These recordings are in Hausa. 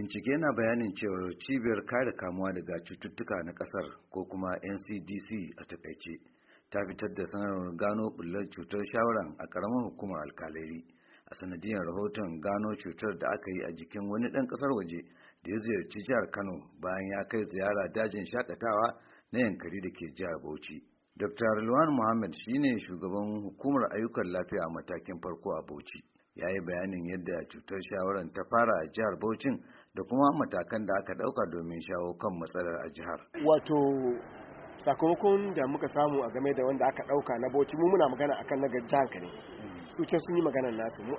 bincike na bayanin cewar cibiyar kare kamuwa daga cututtuka na kasar ko kuma ncdc a takaice ta fitar da sanarwar gano bullar cutar shawaran a karamar hukumar alkalari a sanadiyar rahoton gano cutar da aka yi a jikin wani ɗan ƙasar waje da ya ziyarci jihar kano bayan ya kai ziyara dajin shakatawa na yankari da ke jihar bauchi dr luwan muhammad shine shugaban hukumar ayyukan lafiya a matakin farko a bauchi ya yi bayanin yadda cutar shawarar ta fara a jihar Bauchin da kuma matakan da aka ɗauka domin shawo kan matsalar a jihar. Wato sakamakon da muka samu a game da wanda aka ɗauka na Bauchi mu muna magana akan na jihar ka ne. Su can sun yi magana nasu mu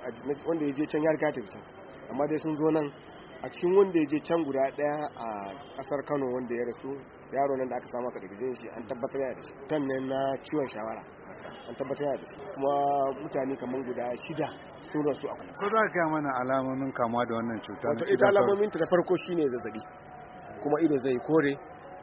wanda ya je can ya riga ta fita amma dai sun zo nan a cikin wanda ya je can guda daya a kasar kano wanda ya rasu yaro nan da aka samu aka daga shi an tabbatar da shi tannan na ciwon shawara an tabbatar da su kuma mutane kamar guda shida sun rasu a ko za ka mana alamomin kamuwa da wannan cuta wato idan alamomin ta farko shine zazzabi kuma ido zai kore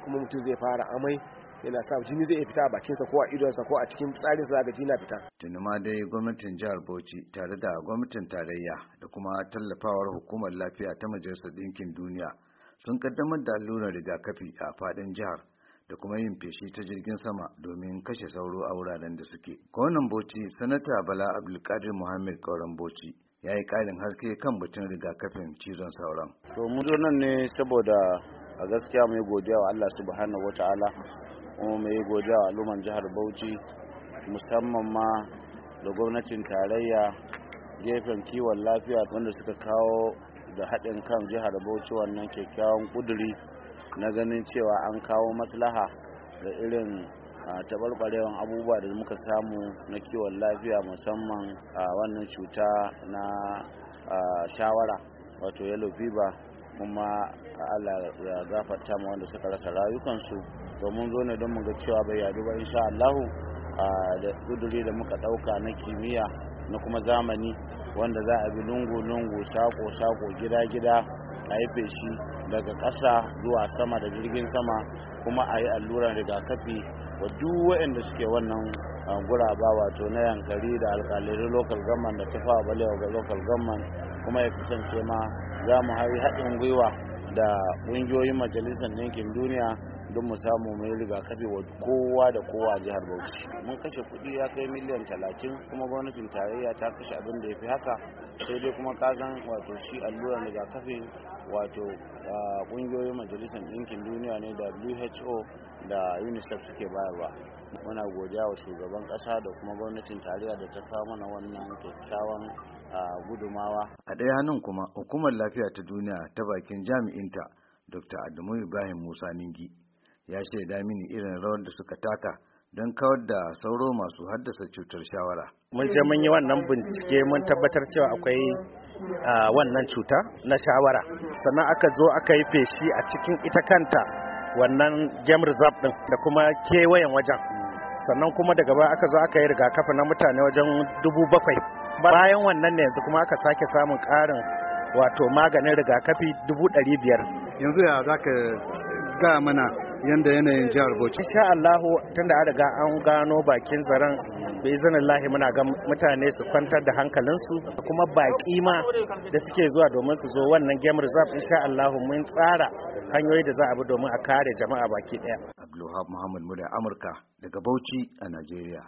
kuma mutum zai fara amai yana sa jini zai fita a bakinsa ko a idonsa ko a cikin tsarin sa ga fita. Tuni ma dai gwamnatin jihar Bauchi tare da gwamnatin tarayya da kuma tallafawar hukumar lafiya ta Majalisar Dinkin Duniya sun kaddamar da allurar rigakafi a faɗin jihar da kuma yin feshi ta jirgin sama domin kashe sauro a wuraren da suke. Kwanan Bauchi, Sanata Bala Abdulkadir Muhammad Kauran Bauchi ya yi ƙarin haske kan batun rigakafin cizon sauran. To mu zo nan ne saboda a gaskiya mai godiya wa Allah subhanahu ta'ala, kuma mai godiya wa al'umman jihar Bauchi musamman ma da gwamnatin tarayya gefen kiwon lafiya wanda suka kawo da haɗin kan jihar Bauchi wannan kyakkyawan ƙuduri na ganin cewa an kawo maslaha da irin tabarbarewan abubuwa da muka samu na kiwon lafiya musamman a wannan cuta na shawara wato yellow fever kuma Allah ya gafarta ma wanda suka rasa rayukansu domin zo ne don mu ga cewa bai yadu ba insha Allahu da kuduri da muka ɗauka na kimiyya na kuma zamani wanda za a bi lungu-lungu sako-sako gida-gida a yi feshi daga ƙasa zuwa sama da jirgin sama kuma a yi alluran rigakafi wa duk waɗanda suke wannan ah, guraba wato na yankari da alƙalai local government da tafawa balewa ga local government kuma ya kasance ma za mu haɗin gwiwa da ƙungiyoyin majalisar yankin duniya don mu samu mai rigakafi wa kowa da kowa a jihar Bauchi. Mun kashe kuɗi ya kai miliyan talatin kuma gwamnatin tarayya ta kashe abin da ya fi haka sai dai kuma kasan wato shi alluran rigakafin wato ƙungiyoyin majalisar ɗinkin duniya ne da WHO da UNICEF suke bayarwa. Muna godiya wa shugaban ƙasa da kuma gwamnatin tarayya da ta kawo mana wannan kyakkyawan a gudumawa. A ɗaya hannun kuma hukumar lafiya ta duniya ta bakin jami'inta Dr. Adamu Ibrahim Musa Ningi ya shaida mini irin rawar da suka taka don kawar da sauro masu haddasa cutar shawara. Mun je mun yi wannan bincike mun tabbatar cewa akwai wannan cuta na shawara. Sannan aka zo aka yi feshi a cikin ita kanta wannan game reserve din da kuma kewayen wajen. Sannan kuma daga baya aka zo aka yi rigakafi na mutane wajen dubu bakwai bayan wannan ne yanzu kuma aka sake samun karin wato maganin rigakafi dubu ɗari biyar yanzu ya za ka ga mana yanda yanayin jihar bauchi insha allahu tunda an riga an gano bakin zaren bai izinin lahi muna ga mutane su kwantar da hankalinsu kuma baki ma da suke zuwa domin su zo wannan game reserve insha allahu mun tsara hanyoyi da za a bi domin a kare jama'a baki daya abdulwahab muhammad muda amurka daga bauchi a najeriya